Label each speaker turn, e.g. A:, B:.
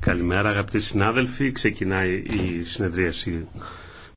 A: Καλημέρα αγαπητοί συνάδελφοι. Ξεκινάει η συνεδρίαση